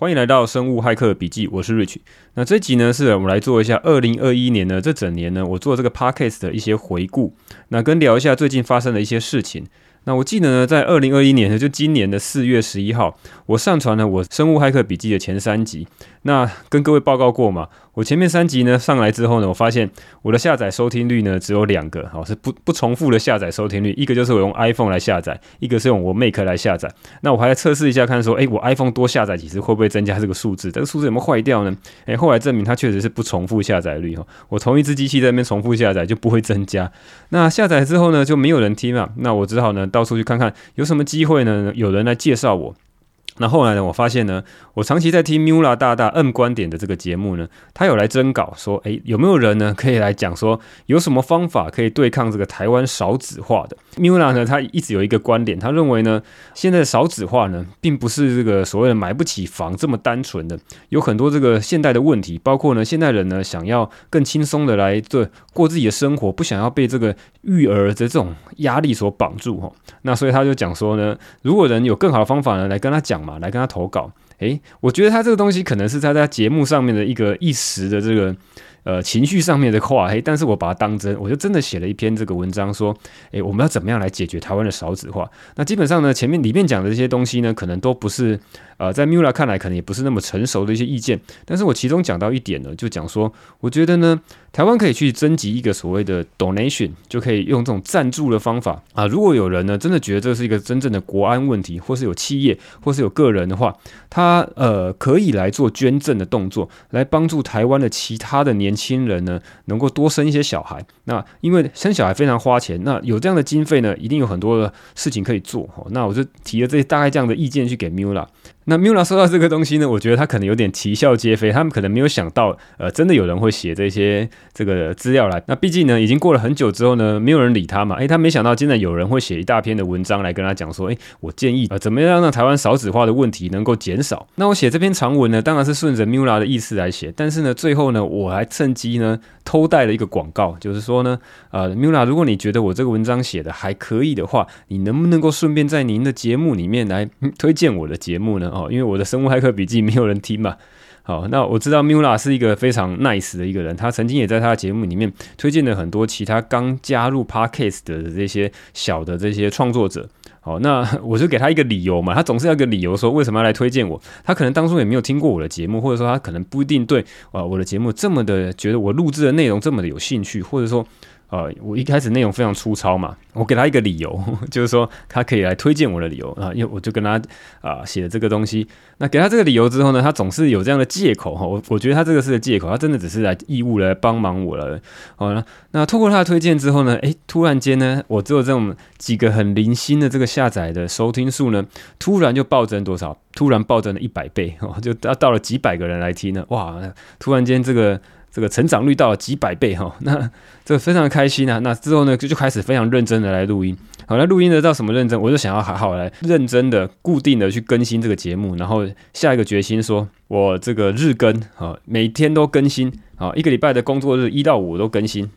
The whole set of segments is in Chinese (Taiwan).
歡迎來到生物駭客筆記，我是 Rich。那這集呢，是我們來做一下二零二一年呢，這整年呢，我做這個 podcast 的一些回顧。那跟聊一下最近發生的一些事情。那我記得呢，在二零二一年呢，就今年的四月十一號，我上傳了我生物黑客筆記的前三集。那跟各位報告過嘛？我前面三集呢上來之後呢，我發現我的下載收聽率呢只有兩個，好是不不重複的下載收聽率，一個就是我用 iPhone 來下載，一個是用我 Mac 來下載。那我還要測試一下，看說，哎、欸，我 iPhone 多下載幾次會不會增加這個數字？這個數字有沒有壞掉呢？哎、欸，後來證明它確實是不重複下載率哈。我同一隻機器在那邊重複下載就不會增加。那下載之後呢就沒有人聽嘛？那我只好呢。到處去看看有什麼機會呢，有人來介紹我。那後來呢？我發現呢，我長期在聽 Mula 大大嗯觀點的這個節目呢，他有來徵稿說，哎，有沒有人呢可以來講說，有什麼方法可以對抗這個台灣少子化的？Mula 呢，他一直有一個觀點，他認為呢，現在少子化呢，並不是這個所謂的買不起房這麼單純的，有很多這個現代的問題，包括呢，現代人呢想要更輕鬆的來做過自己的生活，不想要被這個育兒的這種壓力所綁住哈。那所以他就講說呢，如果人有更好的方法呢，來跟他講嘛。啊，來跟他投稿。哎，我覺得他這個東西，可能是他在節目上面的一個一時的這個。呃，情緒上面的話，嘿，但是我把它當真，我就真的寫了一篇這個文章，說，哎，我們要怎麼樣來解決台灣的少子化？那基本上呢，前面裡面講的這些東西呢，可能都不是，呃，在 Mura 看來，可能也不是那麼成熟的一些意見。但是我其中講到一點呢，就講說，我覺得呢，台灣可以去徵集一個所謂的 donation，就可以用這種贊助的方法啊、呃。如果有人呢，真的覺得這是一個真正的國安問題，或是有企業，或是有個人的話，他呃，可以來做捐贈的動作，來幫助台灣的其他的年。年輕人呢，能夠多生一些小孩。那因為生小孩非常花錢，那有這樣的經費呢，一定有很多的事情可以做。那我就提了這大概這樣的意見去給 Mula。那 Mula 收到這個東西呢，我覺得他可能有點啼笑皆非，他們可能沒有想到，呃，真的有人會寫這些這個資料來。那畢竟呢，已經過了很久之後呢，沒有人理他嘛。哎，他沒想到竟然有人會寫一大篇的文章來跟他講說，哎，我建議啊、呃，怎麼樣讓台灣少子化的問題能夠減少？那我寫這篇長文呢，當然是順着 Mula 的意思來寫，但是呢，最後呢，我還趁機呢偷帶了一個廣告，就是說呢，呃，Mula，如果你覺得我這個文章寫的還可以的話，你能不能夠順便在您的節目裡面來、嗯、推薦我的節目呢？哦，因為我的生物駭客筆記沒有人聽嘛。好，那我知道 Mila 是一個非常 nice 的一個人，他曾經也在他的節目裡面推薦了很多其他剛加入 Podcast 的這些小的這些創作者。好，那我就給他一個理由嘛，他總是要一個理由說，為什麼要來推薦我。他可能當初也沒有聽過我的節目，或者說他可能不一定對啊我的節目這麼的覺得我錄制的內容這麼的有興趣，或者說。呃、哦，我一開始內容非常粗糙嘛，我給他一個理由，就是說他可以來推薦我的理由啊，因為我就跟他啊寫、呃、了這個東西，那給他這個理由之後呢，他總是有這樣的借口哈，我、哦、我覺得他這個是個借口，他真的只是來義務來幫忙我了。好、哦、了，那透過他的推薦之後呢，誒，突然間呢，我只有這種幾個很零星的這個下載的收聽數呢，突然就暴增多少？突然暴增了一百倍哦，就到到了幾百個人來聽呢，哇，突然間這個。這個成長率到了幾百倍哈，那這個，非常開心啊。那之後呢，就就開始非常認真的來錄音。好了，那錄音得到什麼認真？我就想要好好來認真的、固定的去更新這個節目。然後下一個決心說，說我這個日更啊，每天都更新啊，一個禮拜的工作日一到五都更新。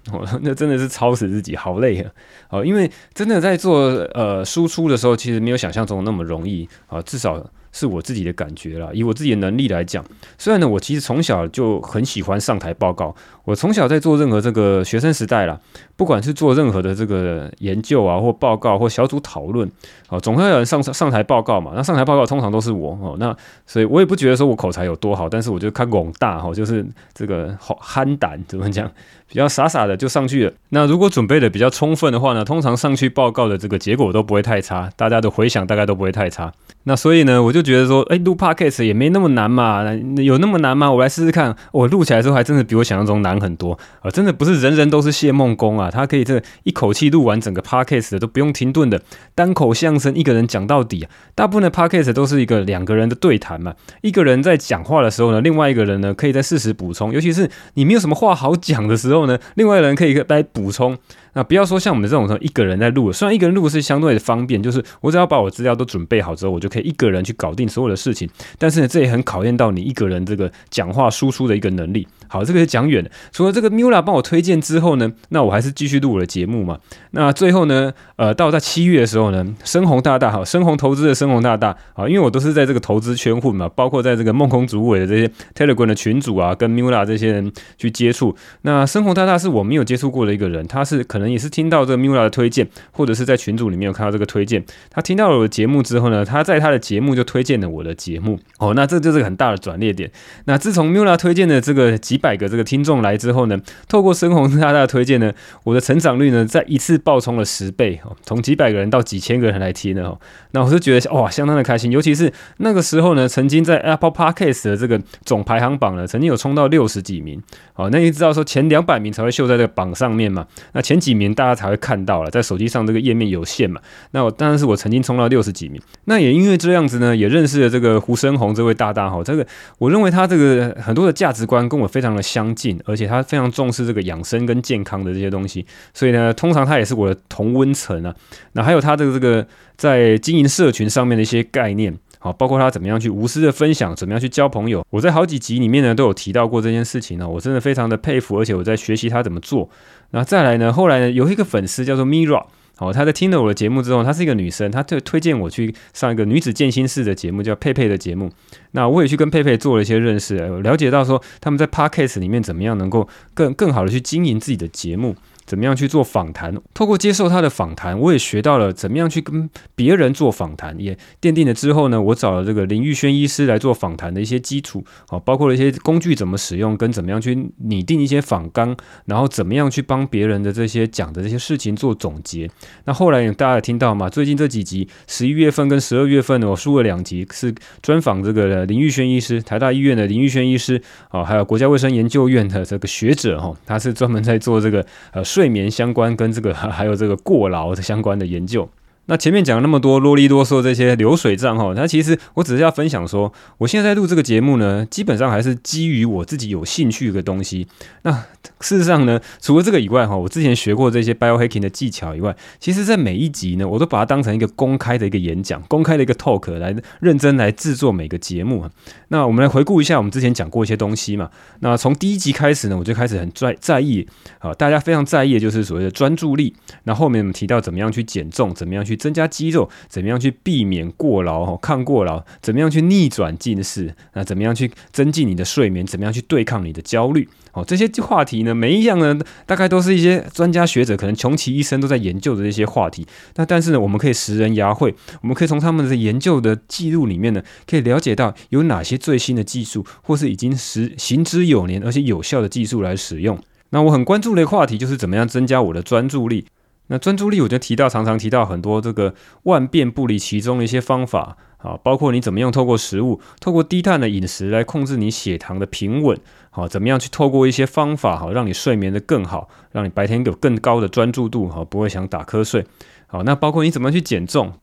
那真的是操死自己，好累啊！好，因為真的在做呃輸出的時候，其實沒有想象中那麼容易啊。至少是我自己的感覺啦，以我自己的能力來講，雖然呢，我其實從小就很喜歡上台報告。我從小在做任何這個學生時代啦，不管是做任何的這個研究啊，或報告或小組討論，哦，總會有人上上台報告嘛。那上台報告通常都是我哦，那所以我也不覺得說我口才有多好，但是我覺得看廣大哦，就是這個好憨膽，怎麼講，比較傻傻的就上去了。那如果準備的比較充分的話呢，通常上去報告的這個結果都不會太差，大家的回響大概都不會太差。那所以呢，我就覺得說，哎、欸，錄 podcast 也沒那麼難嘛，有那麼難嗎？我來試試看，我、哦、錄起來的時候還真的比我想象中難。講很多啊，真的不是人人都是謝孟恭啊，他可以這一口氣錄完整個 podcast 的都不用停頓的單口相聲，一個人講到底啊。大部分的 podcast 都是一個兩個人的對談嘛，一個人在講話的時候呢，另外一個人呢可以在適時補充。尤其是你沒有什麼話好講的時候呢，另外一個人可以來補充。那不要說像我們這種說一個人在錄，雖然一個人錄是相對的方便，就是我只要把我資料都準備好之後，我就可以一個人去搞定所有的事情。但是呢，這也很考驗到你一個人這個講話輸出的一個能力。好，這個是講遠的。除了這個 Mula 幫我推薦之後呢，那我還是繼續錄我的節目嘛。那最後呢，呃，到在七月的時候呢，深紅大大好，深紅投資的深紅大大啊，因為我都是在這個投資圈混嘛，包括在這個夢空主委的這些 Telegram 的群組啊，跟 Mula 這些人去接觸。那深紅大大是我沒有接觸過的一個人，他是可能也是聽到這個 Mula 的推薦，或者是在群組裡面有看到這個推薦，他聽到了我的節目之後呢，他在他的節目就推薦了我的節目。哦，那這就是很大的轉捩點。那自從 Mula 推薦的這個幾百個這個聽眾來之後呢，透過深紅大大的推薦呢，我的成長率呢再一次爆衝了十倍哦，從幾百個人到幾千個人來聽呢、哦，那我就覺得哇相當的開心，尤其是那個時候呢，曾經在 Apple Podcast 的這個總排行榜呢，曾經有衝到六十幾名哦，那你知道說前兩百名才會秀在這個榜上面嘛，那前幾名大家才會看到了，在手機上這個頁面有限嘛，那我當然是我曾經衝到六十幾名，那也因為這樣子呢，也認識了這個胡生紅這位大大吼、哦，這個我認為他這個很多的價值觀跟我非常。相近，而且他非常重視這個養生跟健康的這些東西，所以呢，通常他也是我的同溫層啊。那還有他的這個在經營社群上面的一些概念，好，包括他怎麼樣去無私的分享，怎麼樣去交朋友，我在好幾集裡面呢都有提到過這件事情呢。我真的非常的佩服，而且我在學習他怎麼做。那再來呢，後來呢，有一個粉絲叫做 Mira。哦，她在聽了我的節目之後，她是一個女生，她就推薦我去上一個女子健心室的節目，叫佩佩的節目。那我也去跟佩佩做了一些認識，了解到說他們在 podcast 裡面怎麼樣能夠更更好的去經營自己的節目。怎麼樣去做訪談？透過接受他的訪談，我也學到了怎麼樣去跟別人做訪談，也奠定了之後呢，我找了這個林玉軒醫師來做訪談的一些基礎啊，包括了一些工具怎麼使用，跟怎麼樣去擬定一些訪綱，然後怎麼樣去幫別人的這些講的這些事情做總結。那後來大家也聽到嘛，最近這幾集，十一月份跟十二月份呢，我出了兩集是專訪這個林玉軒醫師，台大醫院的林玉軒醫師啊，還有國家衛生研究院的這個學者哈，他是專門在做這個呃。睡眠相關跟這個還有這個過勞的相關的研究。那前面講了那麼多囉里囉嗦這些流水賬哈，那其實我只是要分享說，我現在在錄這個節目呢，基本上還是基於我自己有興趣的東西。那事實上呢，除了這個以外哈，我之前學過這些 biohacking 的技巧以外，其實在每一集呢，我都把它當成一個公開的一個演講，公開的一個 talk 來認真來制作每個節目。那我們來回顧一下我們之前講過一些東西嘛。那從第一集開始呢，我就開始很在在意啊，大家非常在意的就是所謂的專注力。那後面我們提到怎麼樣去減重，怎麼樣去。增加肌肉，怎麼樣去避免過勞哦？抗過勞，怎麼樣去逆轉近視？那怎麼樣去增進你的睡眠？怎麼樣去對抗你的焦慮？哦，這些話題呢，每一樣呢，大概都是一些專家學者可能窮其一生都在研究的一些話題。那但是呢，我們可以拾人牙慧，我們可以從他們的研究的記錄裡面呢，可以了解到有哪些最新的技術，或是已經是行之有年而且有效的技術來使用。那我很關注的一個話題就是怎麼樣增加我的專注力。那專注力，我就提到常常提到很多這個萬變不離其宗的一些方法啊，包括你怎麼用透過食物，透過低碳的飲食來控制你血糖的平穩，好，怎麼樣去透過一些方法好，讓你睡眠的更好，讓你白天有更高的專注度哈，不會想打瞌睡，好，那包括你怎麼樣去減重。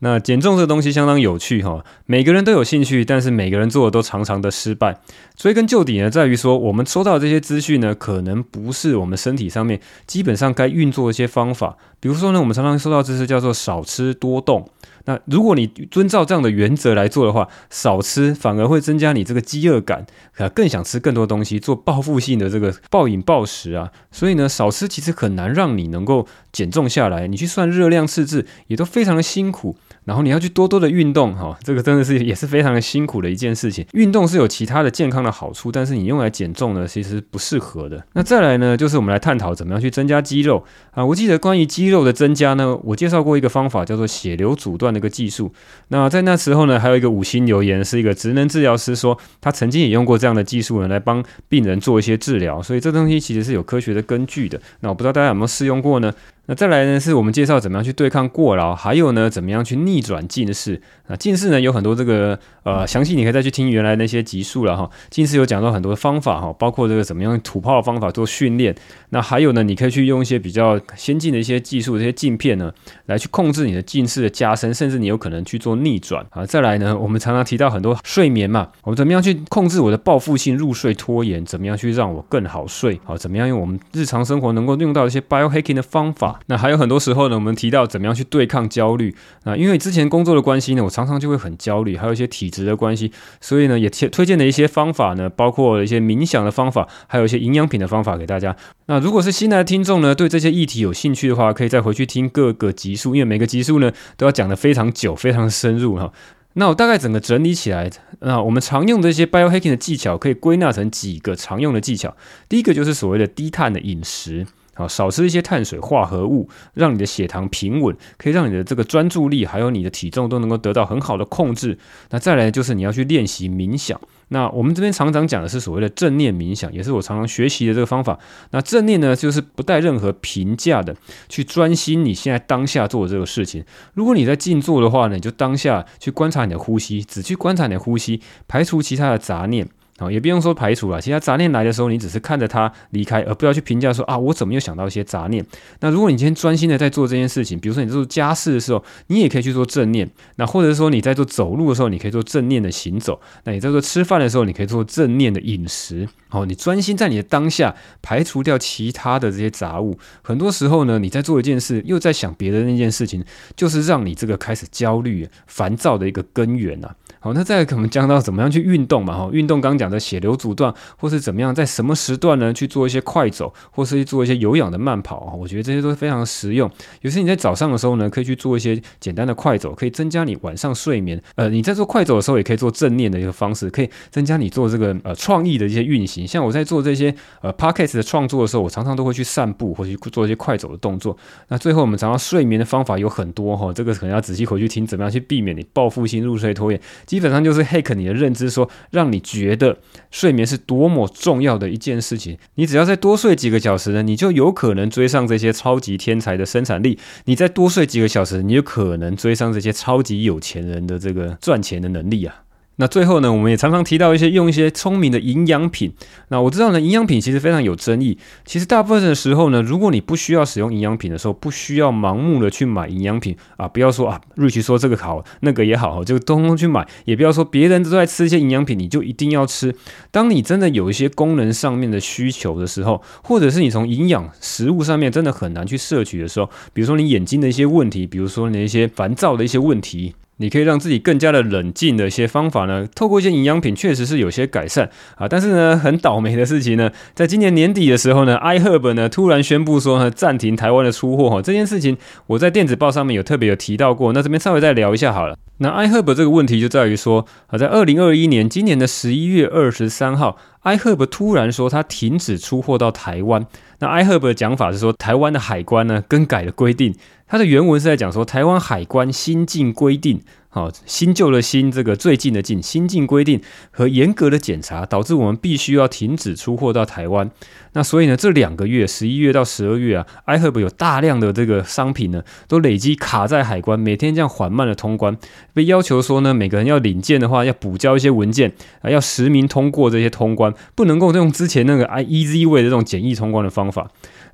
那減重這個東西相當有趣哈，每個人都有興趣，但是每個人做的都常常的失敗。追根究底呢，在於說我們收到的這些資訊呢，可能不是我們身體上面基本上該運作的一些方法。比如說呢，我們常常收到知識叫做少吃多動。那如果你遵照這樣的原則來做的話，少吃反而會增加你這個飢餓感，啊，更想吃更多東西，做報復性的這個暴飲暴食啊。所以呢，少吃其實很難讓你能夠減重下來。你去算熱量赤字也都非常的辛苦。然後你要去多多的運動哈，哦，這個真的是也是非常辛苦的一件事情。運動是有其他的健康的好處，但是你用來減重呢，其實不適合的。那再來呢，就是我們來探討怎麼樣去增加肌肉啊。我記得關於肌肉的增加呢，我介紹過一個方法，叫做血流阻斷的一個技術。那在那時候呢，還有一個五星留言是一個職能治療師說，他曾經也用過這樣的技術呢，來幫病人做一些治療。所以這東西其實是有科學的根據的。那我不知道大家有沒有試用過呢？那再來呢，是我們介紹怎麼樣去對抗過勞，還有呢，怎麼樣去逆轉近視。那近視呢，有很多這個呃，詳細你可以再去聽原來那些集數了哈。近視有講到很多的方法哈，包括這個怎麼樣土炮的方法做訓練。那還有呢，你可以去用一些比較先進的一些技術，這些鏡片呢，來去控制你的近視的加深，甚至你有可能去做逆轉啊。再來呢，我們常常提到很多睡眠嘛，我們怎麼樣去控制我的報復性入睡拖延？怎麼樣去讓我更好睡？好，怎麼樣用我們日常生活能夠用到一些 biohacking 的方法？那還有很多時候呢，我們提到怎麼樣去對抗焦慮。那因為之前工作的關係呢，我常常就會很焦慮，還有一些體質的關係，所以呢，也推薦了一些方法呢，包括一些冥想的方法，還有一些營養品的方法給大家。那如果是新來的聽眾呢，對這些議題有興趣的話，可以再回去聽各個集數，因為每個集數呢都要講得非常久，非常深入哈。那我大概整個整理起來，那我們常用的一些 biohacking 的技巧可以歸納成幾個常用的技巧。第一個就是所謂的低碳的飲食。啊，少吃一些碳水化合物，讓你的血糖平穩，可以讓你的這個專注力，還有你的體重都能夠得到很好的控制。那再來就是你要去練習冥想。那我們這邊常常講的是所謂的正念冥想，也是我常常學習的這個方法。那正念呢，就是不帶任何評價的去專心你現在當下做的這個事情。如果你在靜坐的話呢，你就當下去觀察你的呼吸，只去觀察你的呼吸，排除其他的雜念。好，也不用說排除了。其他雜念來的時候，你只是看着它離開，而不要去評價說啊，我怎麼又想到一些雜念？那如果你今天專心的在做這件事情，比如說你做家事的時候，你也可以去做正念；那或者說你在做走路的時候，你可以做正念的行走；那你在做吃飯的時候，你可以做正念的飲食。哦，你專心在你的當下，排除掉其他的這些雜物。很多時候呢，你在做一件事，又在想別的那件事情，就是讓你這個開始焦慮、煩躁的一個根源吶、啊。好，那再來我們講到怎麼樣去運動嘛哈，運動剛剛講的血流阻斷，或是怎麼樣在什麼時段呢去做一些快走，或是去做一些有氧的慢跑哈，我覺得這些都是非常實用。有時候你在早上的時候呢，可以去做一些簡單的快走，可以增加你晚上睡眠。呃，你在做快走的時候，也可以做正念的一個方式，可以增加你做這個呃創意的一些運行。像我在做這些呃 podcast 的創作的時候，我常常都會去散步或去做一些快走的動作。那最後我們講到睡眠的方法有很多哈、哦，這個可能要仔細回去聽，怎麼樣去避免你報復性入睡拖延。基本上就是 hack 你的認知，說讓你覺得睡眠是多麼重要的一件事情。你只要再多睡幾個小時呢，你就有可能追上這些超級天才的生產力。你再多睡幾個小時，你就可能追上這些超級有錢人的這個賺錢的能力啊。那最後呢，我們也常常提到一些用一些聰明的營養品。那我知道呢，營養品其實非常有爭議。其實大部分的時候呢，如果你不需要使用營養品的時候，不需要盲目的去買營養品啊，不要說啊，瑞奇說這個好，那個也好，就通通去買，也不要說別人都在吃一些營養品，你就一定要吃。當你真的有一些功能上面的需求的時候，或者是你從營養食物上面真的很難去攝取的時候，比如說你眼睛的一些問題，比如說你的一些煩躁的一些問題。你可以讓自己更加的冷靜的一些方法呢，透過一些營養品確實是有些改善啊，但是呢，很倒霉的事情呢，在今年年底的時候呢，iHerb 呢突然宣布說呢，暫停台灣的出貨哈，這件事情我在電子報上面有特別有提到過，那這邊稍微再聊一下好了。那 iHerb 這個問題就在於說，啊，在二零二一年今年的十一月二十三號。iHerb 突然說他停止出貨到台灣。那 iHerb 的講法是說，台灣的海關呢更改了規定。它的原文是在講說，台灣海關新進規定。好新舊的“新”，這個最近的“近”，新近規定和嚴格的檢查，導致我們必須要停止出貨到台灣。那所以呢，這兩個月，十一月到十二月啊，iHerb 有大量的這個商品呢，都累積卡在海關，每天這樣緩慢的通關，被要求說呢，每個人要領件的話，要補交一些文件啊，要實名通過這些通關，不能夠用之前那個 iEZ way 的這種簡易通關的方法。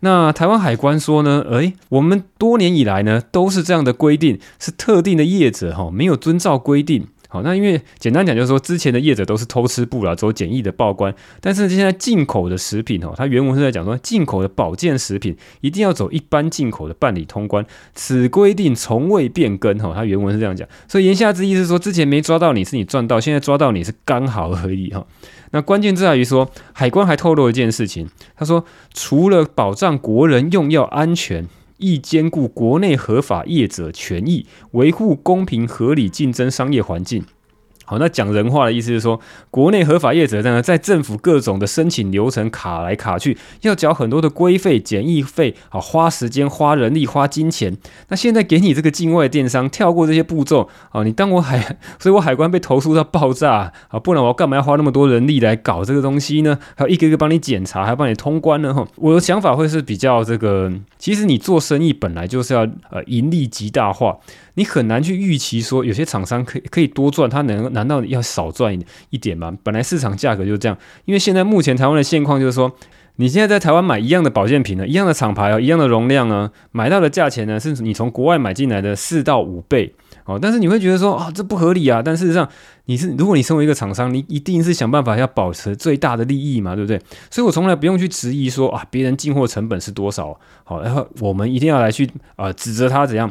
那台灣海關說呢，哎、欸，我們多年以來呢，都是這樣的規定，是特定的業者哈，沒有遵照規定。好，那因為簡單講，就是說之前的業者都是偷吃步啦，走簡易的報關。但是現在進口的食品哈，它原文是在講說，進口的保健食品一定要走一般進口的辦理通關，此規定從未變更哈。它原文是這樣講，所以言下之意是說，之前沒抓到你是你賺到，現在抓到你是剛好而已哈。那關鍵在於說，海關還透露一件事情，他說，除了保障國人用藥安全，亦兼顧國內合法業者權益，維護公平合理競爭商業環境。好，那講人話的意思是說，國內合法業者在呢，在政府各種的申請流程卡來卡去，要繳很多的規費、檢疫費，啊，花時間、花人力、花金錢。那現在給你這個境外電商跳過這些步驟，啊，你當我海，所以我海關被投訴到爆炸，啊，不然我要幹嘛要花那麼多人力來搞這個東西呢？還要一個一個幫你檢查，還幫你通關呢？哈，我的想法會是比較這個，其實你做生意本來就是要呃盈利極大化，你很難去預期說有些廠商可可以多賺，他能。難道你要少賺一一點嗎？本來市場價格就是這樣，因為現在目前台灣的現況就是說，你現在在台灣買一樣的保健品呢，一樣的廠牌啊，一樣的容量呢，買到的價錢呢，是你從國外買進來的四到五倍哦。但是你會覺得說啊、哦，這不合理啊。但事實上，你是如果你身為一個廠商，你一定是想辦法要保持最大的利益嘛，對不對？所以我從來不用去質疑說啊，別人進貨成本是多少，好、哦，然後我們一定要來去啊、呃、指責他怎樣。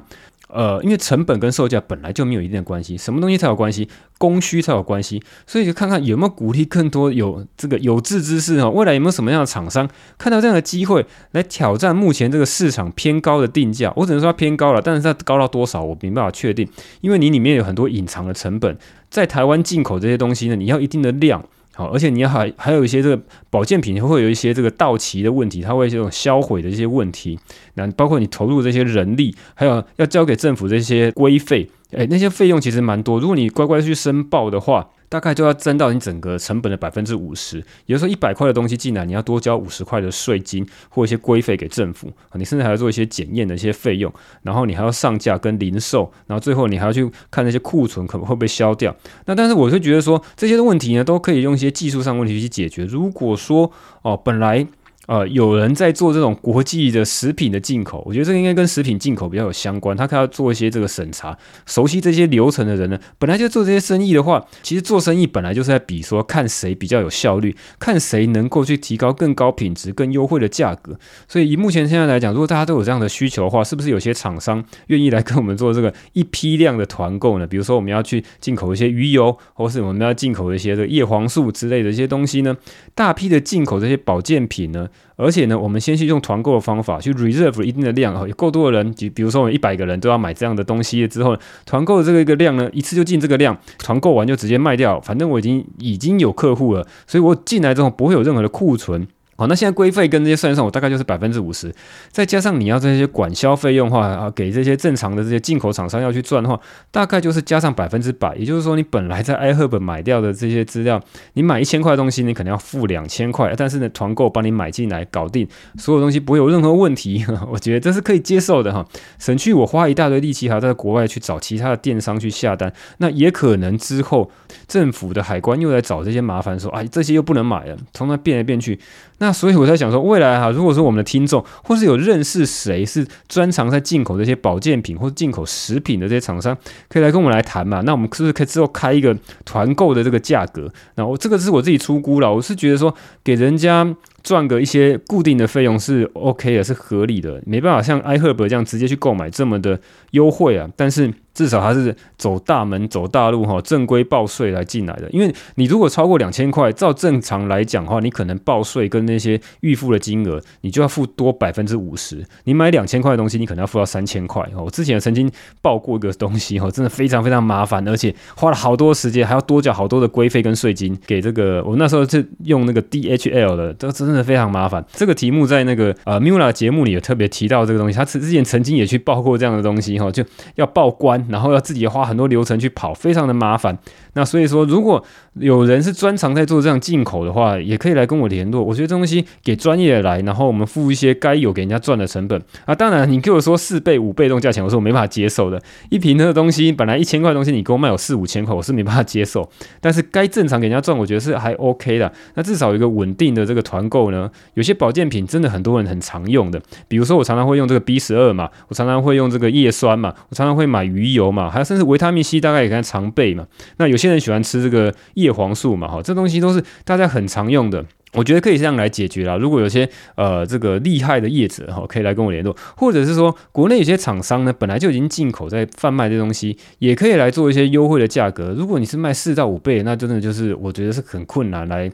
呃，因為成本跟售價本來就沒有一定的關係，什麼東西才有關係？供需才有關係，所以就看看有沒有鼓勵更多有這個有志之士哈，未來有沒有什麼樣的廠商看到這樣的機會來挑戰目前這個市場偏高的定價？我只能說它偏高了，但是它高到多少我沒辦法確定，因為你裡面有很多隱藏的成本，在台灣進口這些東西呢，你要一定的量。好，而且你還還有一些這個保健品，會有一些這個到期的問題，它會這種銷毀的一些問題。那包括你投入這些人力，還有要交給政府這些規費。誒，那些費用其實蠻多。如果你乖乖去申報的話，大概就要佔到你整個成本的百分之五十。也就是說，一百塊的東西進來，你要多交五十塊的稅金或一些規費給政府，你甚至還要做一些檢驗的一些費用，然後你還要上架跟零售，然後最後你還要去看那些庫存可能會不會消掉。那但是我是覺得說，這些的問題呢，都可以用一些技術上的問題去解決。如果說哦，本來。呃，有人在做這種國際的食品的進口，我覺得這個應該跟食品進口比較有相關。他可要做一些這個審查，熟悉這些流程的人呢，本來就做這些生意的話，其實做生意本來就是在比說看誰比較有效率，看誰能夠去提高更高品質、更優惠的價格。所以以目前現在來講，如果大家都有這樣的需求的話，是不是有些廠商願意來跟我們做這個一批量的團購呢？比如說我們要去進口一些魚油，或是我們要進口一些這葉黃素之類的一些東西呢？大批的進口這些保健品呢？而且呢，我們先去用團購的方法去 reserve 一定的量，哈，有夠多的人，就比如說我們一百個人都要買這樣的東西之後，團購的這個一個量呢，一次就進這個量，團購完就直接賣掉，反正我已經已經有客戶了，所以我進來之後不會有任何的庫存。好，那現在規費跟這些算上，我大概就是百分之五十，再加上你要這些管銷費用的話啊，給這些正常的這些進口廠商要去賺的話，大概就是加上百分之百。也就是說，你本來在 iHerb 買掉的這些資料，你買一千塊的東西，你可能要付兩千塊。但是呢，團購幫你買進來搞定所有東西，不會有任何問題。我覺得這是可以接受的哈、啊，省去我花一大堆力氣還要在國外去找其他的電商去下單。那也可能之後政府的海關又來找這些麻煩，說哎、啊，這些又不能買了，從那變來變去。那所以我在想說，未來哈，如果說我們的聽眾或是有認識誰是專長在進口這些保健品或者進口食品的這些廠商，可以來跟我們來談嘛？那我們是不是可以之後開一個團購的這個價格？那我這個是我自己粗估啦，我是覺得說給人家。賺個一些固定的費用是 OK 的，是合理的，沒辦法像 iHerb 這樣直接去購買這麼的優惠啊。但是至少他是走大門走大路哈，正規報稅來進來的。因為你如果超過兩千塊，照正常來講的話，你可能報稅跟那些預付的金額，你就要付多百分之五十。你買兩千塊的東西，你可能要付到三千塊。我之前也曾經報過一個東西哈，真的非常非常麻煩，而且花了好多時間，還要多繳好多的規費跟稅金給這個。我那時候是用那個 DHL 的，這真的。真的非常麻煩。這個題目在那個呃 Miula 的節目裡也特別提到這個東西，他之之前曾經也去報過這樣的東西哈、哦，就要報關，然後要自己花很多流程去跑，非常的麻煩。那所以說，如果有人是專長在做這樣進口的話，也可以來跟我聯絡。我覺得這東西給專業的來，然後我們付一些該有給人家賺的成本啊。當然，你跟我說四倍、五倍這種價錢，我是我沒辦法接受的。一瓶那個東西本來一千塊東西，1, 東西你給我賣有四五千塊，我是沒辦法接受。但是該正常給人家賺，我覺得是還 OK 的。那至少有一個穩定的這個團購呢。有些保健品真的很多人很常用的，比如說我常常會用這個 B 十二嘛，我常常會用這個葉酸嘛，我常常會買魚油嘛，還有甚至維他命 C 大概也跟常備嘛。那有些現在喜歡吃這個葉黃素嘛，哈，這東西都是大家很常用的。我覺得可以這樣來解決啦。如果有些呃這個厲害的業者哈，可以來跟我聯絡，或者是說國內有些廠商呢，本來就已經進口在販賣這東西，也可以來做一些優惠的價格。如果你是賣四到五倍，那真的就是我覺得是很困難來。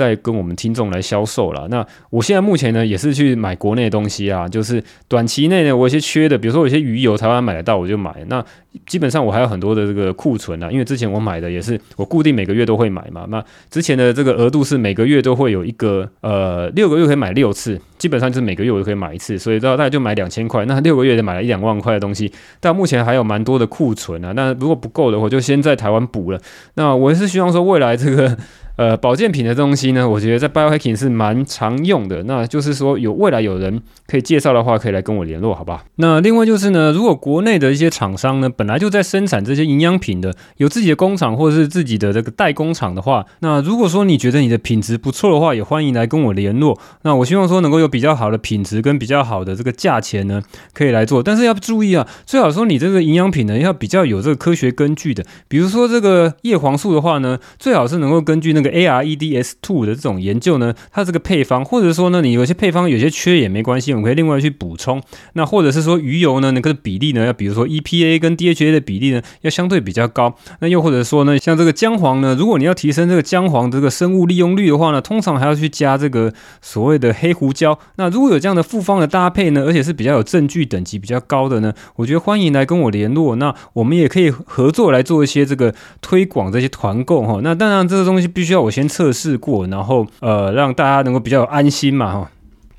在跟我們聽眾來銷售了。那我現在目前呢，也是去買國內的東西啊。就是短期內呢，我有些缺的，比如說有些魚油，台灣買得到，我就買。那基本上我還有很多的這個庫存啊，因為之前我買的也是我固定每個月都會買嘛。那之前的這個額度是每個月都會有一個呃六個月可以買六次，基本上就是每個月我都可以買一次，所以到大概就買兩千塊。那六個月就買了一兩萬塊的東西，但目前還有蠻多的庫存啊。那如果不夠的話，我就先在台灣補了。那我是希望說未來這個。呃，保健品的東西呢，我覺得在 Biohacking 是蠻常用的。那就是說，有未來有人可以介紹的話，可以來跟我聯絡，好吧？那另外就是呢，如果國內的一些廠商呢，本來就在生產這些營養品的，有自己的工廠或者是自己的這個代工廠的話，那如果說你覺得你的品質不錯的話，也歡迎來跟我聯絡。那我希望說能夠有比較好的品質跟比較好的這個價錢呢，可以來做。但是要注意啊，最好說你這個營養品呢，要比較有這個科學根據的。比如說這個葉黃素的話呢，最好是能夠根據那個。AREDS2 的這種研究呢，它這個配方，或者說呢，你有些配方有些缺也沒關係，我們可以另外去補充。那或者是說魚油呢，那個比例呢，要比如說 EPA 跟 DHA 的比例呢，要相對比較高。那又或者說呢，像這個薑黃呢，如果你要提升這個薑黃這個生物利用率的話呢，通常還要去加這個所謂的黑胡椒。那如果有這樣的複方的搭配呢，而且是比較有證據等級比較高的呢，我覺得歡迎來跟我聯絡。那我們也可以合作來做一些這個推廣這些團購哈。那當然這個東西必須。需要我先測試過，然後呃，讓大家能夠比較安心嘛，哈。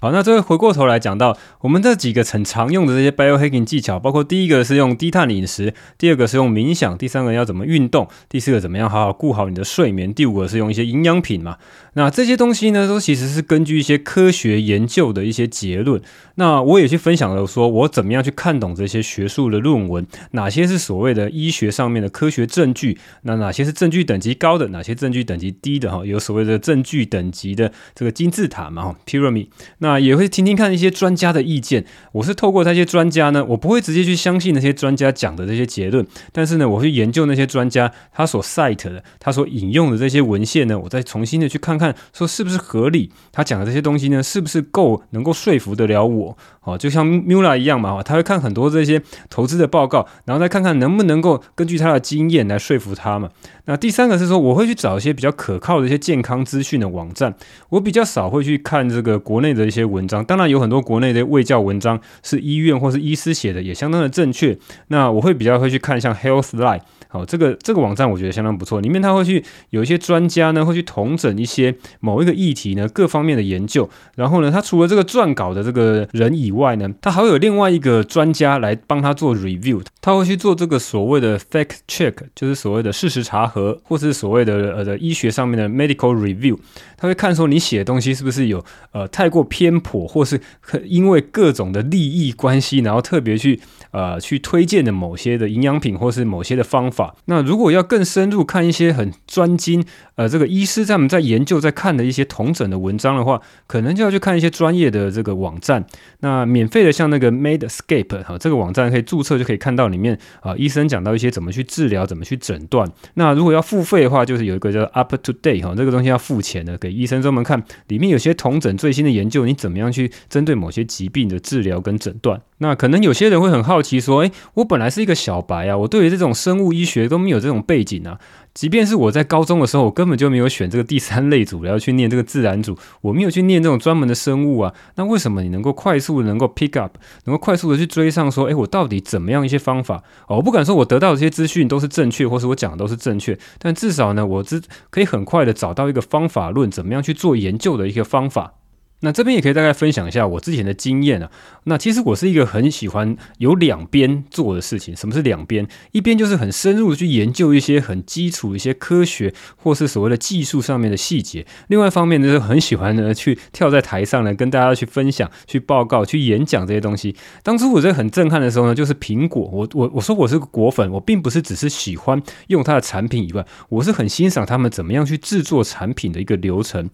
好，那這回回過頭來講到我們這幾個很常用的這些 biohacking 技巧，包括第一個是用低碳飲食，第二個是用冥想，第三個人要怎麼運動，第四個怎麼樣好好顧好你的睡眠，第五個是用一些營養品嘛。那這些東西呢，都其實是根據一些科學研究的一些結論。那我也去分享了，說我怎麼樣去看懂這些學術的論文，哪些是所謂的醫學上面的科學證據，那哪些是證據等級高的，哪些證據等級低的哈，有所謂的證據等級的這個金字塔嘛哈 pyramid。那啊，也會聽聽看一些專家的意見。我是透過那些專家呢，我不會直接去相信那些專家講的這些結論，但是呢，我會研究那些專家他所 cite 的，他所引用的這些文獻呢，我再重新的去看看，說是不是合理，他講的這些東西呢，是不是夠能夠說服得了我。哦，就像 Mula 一樣嘛，他會看很多這些投資的報告，然後再看看能不能夠根據他的經驗來說服他嘛。那第三個是說，我會去找一些比較可靠的一些健康資訊的網站，我比較少會去看這個國內的一些。文章當然有很多國內的衛教文章是醫院或是醫師寫的，也相當的正確。那我會比較會去看像 Healthline。好，這個這個網站我覺得相當不錯。裡面他會去有一些專家呢，會去統整一些某一個議題呢，各方面的研究。然後呢，他除了這個撰稿的這個人以外呢，他還有另外一個專家來幫他做 review。他會去做這個所謂的 fact check，就是所謂的事實查核，或是所謂的呃的醫學上面的 medical review。他會看說你寫的東西是不是有呃太過偏頗，或是可因為各種的利益關係，然後特別去呃去推薦的某些的營養品，或是某些的方法。那如果要更深入看一些很專精，呃，這個醫師在我們在研究在看的一些同診的文章的話，可能就要去看一些專業的這個網站。那免費的像那個 Medscape 哈，這個網站可以註冊就可以看到裡面啊、呃、醫生講到一些怎麼去治療、怎麼去診斷。那如果要付費的話，就是有一個叫 UpToDate 哈，這個東西要付錢的，給醫生專門看，裡面有些同診最新的研究，你怎麼樣去針對某些疾病的治療跟診斷。那可能有些人會很好奇，說：“哎，我本來是一個小白啊，我對於這種生物醫學都沒有這種背景啊。即便是我在高中的時候，我根本就沒有選這個第三類組，然後去念這個自然組，我沒有去念這種專門的生物啊。那為什麼你能夠快速的能夠 pick up，能夠快速的去追上？說，哎，我到底怎麼樣一些方法？哦，我不敢說我得到這些資訊都是正確，或是我講的都是正確，但至少呢，我只可以很快的找到一個方法論，怎麼樣去做研究的一個方法。”那這邊也可以大概分享一下我之前的經驗啊。那其實我是一個很喜歡有兩邊做的事情。什麼是兩邊？一邊就是很深入的去研究一些很基礎一些科學，或是所謂的技術上面的細節。另外一方面就是很喜歡呢去跳在台上來跟大家去分享、去報告、去演講這些東西。當初我在很震撼的時候呢，就是蘋果。我我我說我是個果粉，我並不是只是喜歡用它的產品以外，我是很欣賞他們怎麼樣去制作產品的一個流程。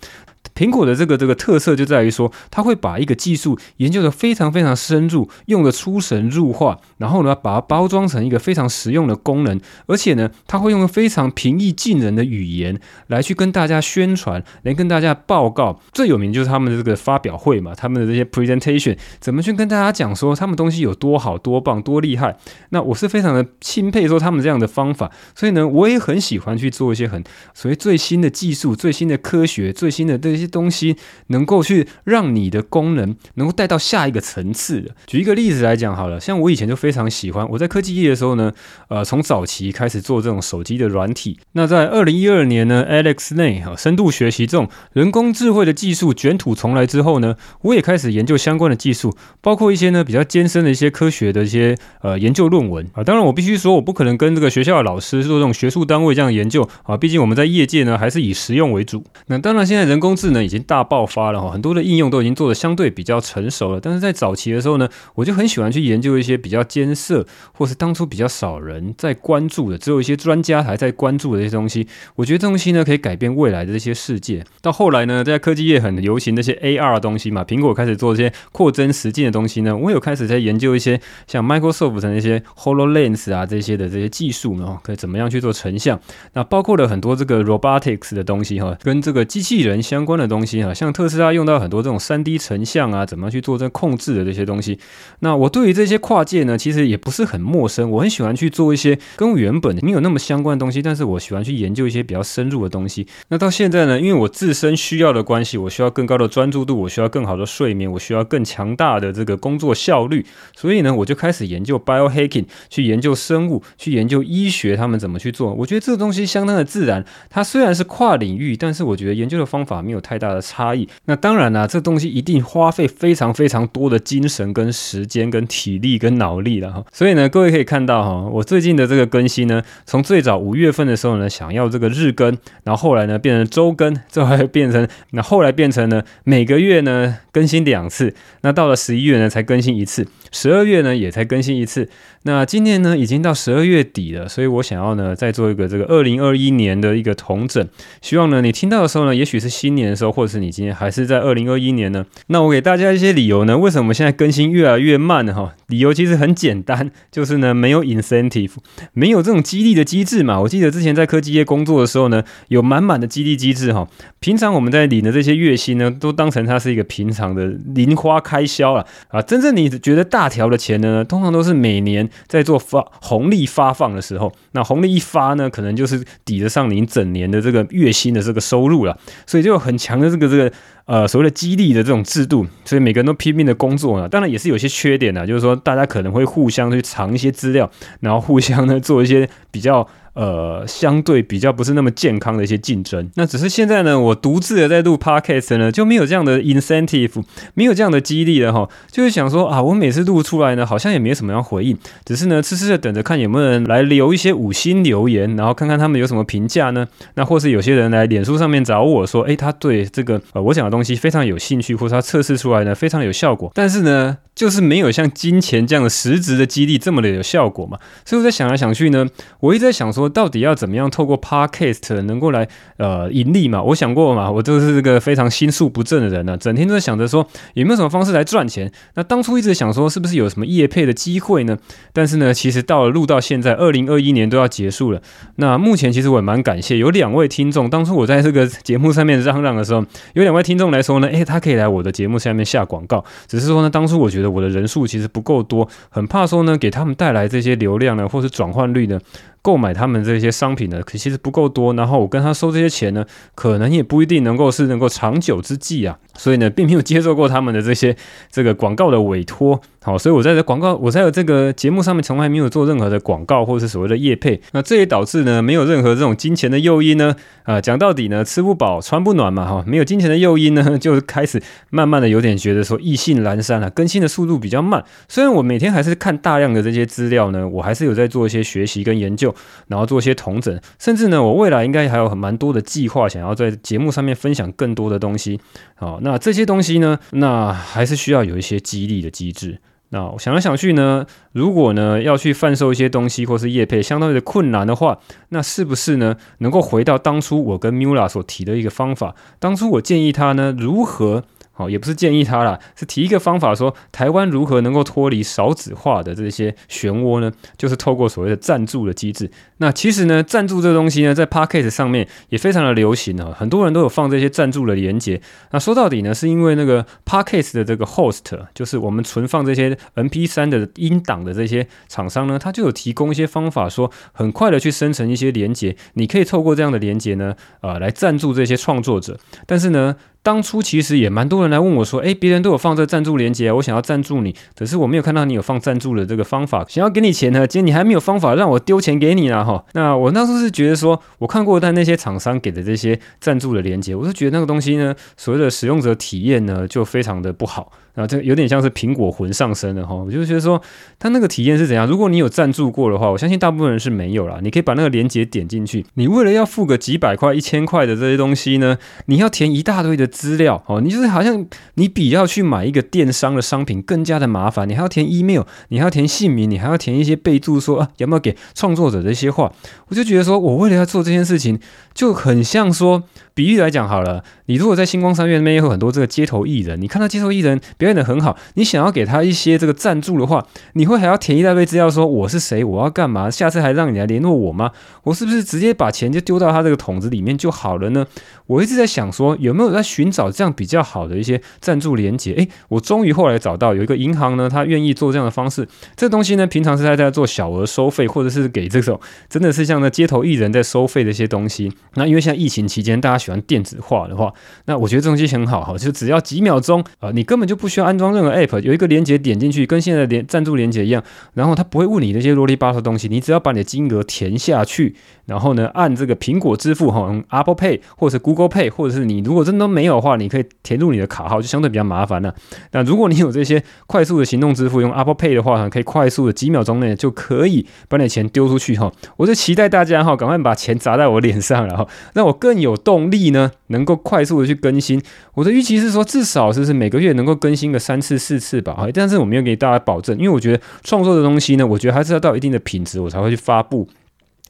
蘋果的這個這個特色就在於說，他會把一個技術研究的非常非常深入，用的出神入化，然後呢，把它包裝成一個非常實用的功能，而且呢，他會用非常平易近人的語言來去跟大家宣傳，來跟大家報告。最有名就是他們的這個發表會嘛，他們的這些 presentation，怎麼去跟大家講說他們東西有多好多棒多厲害？那我是非常的欽佩說他們這樣的方法，所以呢，我也很喜歡去做一些很，所謂最新的技術、最新的科學、最新的這些。東西能夠去讓你的功能能夠帶到下一個層次的。舉一個例子來講好了，像我以前就非常喜歡我在科技業的時候呢，呃，從早期開始做這種手機的軟體。那在二零一二年呢 AlexNet 啊，深度學習這種人工智慧的技術卷土重來之後呢，我也開始研究相關的技術，包括一些呢比較艱深的一些科學的一些呃研究論文啊。當然我必須說我不可能跟這個學校的老師做這種學術單位這樣的研究啊，畢竟我們在業界呢還是以實用為主。那當然現在人工智能。已經大爆發了哈，很多的應用都已經做的相對比較成熟了。但是在早期的時候呢，我就很喜歡去研究一些比較艱澀，或是當初比較少人在關注的，只有一些專家還在關注的一些東西。我覺得這東西呢，可以改變未來的這些世界。到後來呢，在科技業很流行那些 AR 的東西嘛，蘋果開始做一些擴增實境的東西呢，我有開始在研究一些像 Microsoft 的那些 HoloLens 啊這些的這些技術呢，可以怎麼樣去做成像？那包括了很多這個 Robotics 的東西哈，跟這個機器人相關的。東西啊，像特斯拉用到很多這種 3D 成像啊，怎麼去做這控制的這些東西。那我對於這些跨界呢，其實也不是很陌生。我很喜歡去做一些跟我原本沒有那麼相關的東西，但是我喜歡去研究一些比較深入的東西。那到現在呢，因為我自身需要的關係，我需要更高的專注度，我需要更好的睡眠，我需要更強大的這個工作效率，所以呢，我就開始研究 biohacking，去研究生物，去研究醫學，他們怎麼去做。我覺得這個東西相當的自然。它雖然是跨領域，但是我覺得研究的方法沒有太大。大，大的差異，那當然啦、啊，這東西一定花費非常非常多的精神、跟時間、跟體力、跟腦力了哈。所以呢，各位可以看到哈，我最近的這個更新呢，從最早五月份的時候呢，想要這個日更，然後後來呢變成周更，最後變成，那後，後來變成呢每個月呢更新兩次，那到了十一月呢才更新一次，十二月呢也才更新一次，那今年呢已經到十二月底了，所以我想要呢再做一個這個二零二一年的一個統整，希望呢你聽到的時候呢，也許是新年。時候，或者是你今天還是在二零二一年呢？那我給大家一些理由呢，為什麼現在更新越來越慢呢？哈，理由其實很簡單，就是呢沒有 incentive，沒有這種激勵的機制嘛。我記得之前在科技業工作的時候呢，有滿滿的激勵機制哈。平常我們在領的這些月薪呢，都當成它是一個平常的零花開銷了啊。真正你覺得大條的錢呢，通常都是每年在做發紅利發放的時候，那紅利一發呢，可能就是抵得上你整年的這個月薪的這個收入了，所以就很。強的這個這個呃所謂的激勵的這種制度，所以每個人都拼命的工作呢。當然也是有些缺點呢，就是說大家可能會互相去藏一些資料，然後互相呢做一些比較。呃，相對比較不是那麼健康的一些競爭。那只是現在呢，我獨自的在錄 podcast 呢，就沒有這樣的 incentive，沒有這樣的激勵了哈。就是想說啊，我每次錄出來呢，好像也沒有什麼要回應，只是呢，癡癡的等着看有沒有人來留一些五星留言，然後看看他們有什麼評價呢。那或是有些人來臉書上面找我說，哎，他對這個呃我講的東西非常有興趣，或是他測試出來呢非常有效果。但是呢，就是沒有像金錢這樣的實質的激勵這麼的有效果嘛。所以我在想來想去呢，我一直在想說。到底要怎麼樣透過 podcast 能夠來呃盈利嘛？我想過嘛，我就是這個非常心術不正的人呢、啊，整天都在想着說有沒有什麼方式來賺錢。那當初一直想說是不是有什麼業配的機會呢？但是呢，其實到了錄到現在，二零二一年都要結束了。那目前其實我也蠻感謝有兩位聽眾，當初我在這個節目上面嚷嚷的時候，有兩位聽眾來說呢，誒、欸，他可以來我的節目下面下廣告。只是說呢，當初我覺得我的人數其實不夠多，很怕說呢給他們帶來這些流量呢，或是轉換率呢。購買他們這些商品呢，可其實不夠多，然後我跟他收這些錢呢，可能也不一定能夠是能夠長久之計啊，所以呢，並沒有接受過他們的這些這個廣告的委託，好，所以我在這廣告，我在這個節目上面從來沒有做任何的廣告或是所謂的業配，那這也導致呢，沒有任何這種金錢的誘因呢，啊、呃，講到底呢，吃不飽穿不暖嘛，哈，沒有金錢的誘因呢，就開始慢慢的有點覺得說意興闌珊了、啊，更新的速度比較慢，雖然我每天還是看大量的這些資料呢，我還是有在做一些學習跟研究。然後做一些統整，甚至呢，我未來應該還有很蠻多的計劃，想要在節目上面分享更多的東西。好，那這些東西呢，那還是需要有一些激勵的機製。那我想來想去呢，如果呢要去販售一些東西或是業配，相對的困難的話，那是不是呢能夠回到當初我跟 Mula 所提的一個方法？當初我建議他呢如何？好，也不是建議他啦，是提一個方法說，說台灣如何能夠脫離少子化的這些漩渦呢？就是透過所謂的贊助的機制。那其實呢，贊助這東西呢，在 Podcast 上面也非常的流行啊，很多人都有放這些贊助的連結。那說到底呢，是因為那個 Podcast 的這個 host，就是我們存放這些 MP 三的音檔的這些廠商呢，他就有提供一些方法，說很快的去生成一些連結，你可以透過這樣的連結呢，呃，來贊助這些創作者。但是呢，當初其實也蠻多人來問我說，哎，別人都有放這贊助鏈接，我想要贊助你，可是我沒有看到你有放贊助的這個方法，想要給你錢呢，今天你還沒有方法讓我丟錢給你了哈。那我那時候是覺得說，我看過的那些廠商給的這些贊助的鏈接，我是覺得那個東西呢，所謂的使用者體驗呢，就非常的不好。啊，這個有點像是蘋果魂上身了哈，我就覺得說他那個體驗是怎樣？如果你有贊助過的話，我相信大部分人是沒有啦。你可以把那個鏈接點進去，你為了要付個幾百塊、一千塊的這些東西呢，你要填一大堆的資料哦。你就是好像你比要去買一個電商的商品更加的麻煩，你還要填 email，你還要填姓名，你還要填一些備註說啊有沒有給創作者這些話。我就覺得說我為了要做這件事情，就很像說。比喻來講好了，你如果在星光三院，那邊有很多這個街頭藝人，你看到街頭藝人表演得很好，你想要給他一些這個贊助的話，你會還要填一大堆資料說我是誰，我要幹嘛，下次還讓你來聯絡我嗎？我是不是直接把錢就丟到他這個桶子裡面就好了呢？我一直在想說有沒有在尋找這樣比較好的一些贊助連接。誒，我終於後來找到有一個銀行呢，他願意做這樣的方式。這個東西呢，平常是在在做小額收費，或者是給這種真的是像那街頭藝人在收費的一些東西。那因為現在疫情期間大家。喜歡電子化的話，那我覺得這東西很好哈，就只要幾秒鐘啊、呃，你根本就不需要安裝任何 App，有一個連接點進去，跟現在的連贊助連接一樣，然後他不會問你那些囉里吧嗦東西，你只要把你的金額填下去，然後呢按這個蘋果支付哈、哦、用 Apple Pay 或者是 Google Pay，或者是你如果真的沒有的話，你可以填入你的卡號，就相對比較麻煩了、啊。那如果你有這些快速的行動支付，用 Apple Pay 的話，可以快速的幾秒鐘內就可以把你的錢丟出去哈、哦。我就期待大家哈、哦，趕快把錢砸在我臉上，然、哦、後讓我更有動力。力呢，能夠快速的去更新。我的預期是說，至少是是每個月能夠更新個三次四次吧。但是我沒有給大家保證，因為我覺得創作的東西呢，我覺得還是要到一定的品質，我才會去發布。